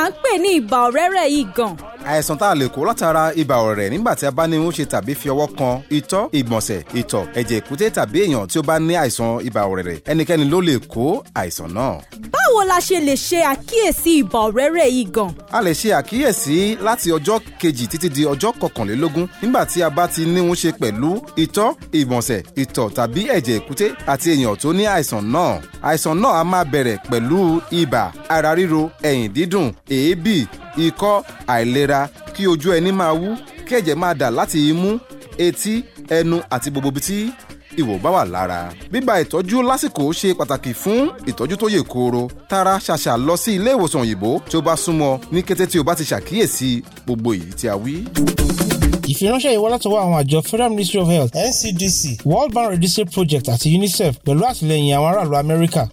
à ń pè ní ibà ọ̀rẹ́rẹ́ yìí gan. àìsàn tá a lè kó látara ibà ọ̀rẹ́ nígbà tí a bá ní ń ṣe tàbí fi ọwọ́ kan itọ́ ìgbọ̀nsẹ̀ ìtọ̀ ẹ̀jẹ̀ èkúté tàbí èèyàn tí ó bá ní àìsàn ibà ọ̀rẹ́rẹ́ ẹnikẹ́ni ló lè kó àìsàn náà. bá báwo la ṣe lè ṣe àkíyèsí ibà ọ̀rẹ́rẹ́ yìí gan? a lè ṣe àkíyèsí láti ọjọ́ kejì títí di ọjọ́ kọkànlélógún nígbà tí a bá ti níhun ṣe pẹ̀lú itọ́ ìgbọ̀nsẹ̀ ìtọ̀ tàbí ẹ̀jẹ̀ èkúté àti èèyàn tó ní àìsàn náà àìsàn náà a máa bẹ̀rẹ̀ pẹ̀lú ibà ara ríro ẹ̀yìn dídùn èébì ikọ́ àìlera kí ojú ẹni máa wú kí ẹ̀jẹ̀ máa dà láti imú etí ẹnu àti gbogbo ibi tí ìwò bá wà lára. bíbá ìtọ́jú lásìkò ṣe pàtàkì fún ìtọ́jú tó yè kooro tara ṣàṣà lọ sí ilé ìwòsàn òyìnbó tí ó bá súnmọ́ ní kété tí o bá ti ṣàkíyèsí gbogbo èyí tí a wí. ìfiránṣẹ́ yìí wá àwọn àjọ Federal Ministry of Health NCDC World Bank Reducing Project àti UNICEF pẹ̀lú àtìlẹ́yìn àwọn aráàlú Amẹ́ríkà.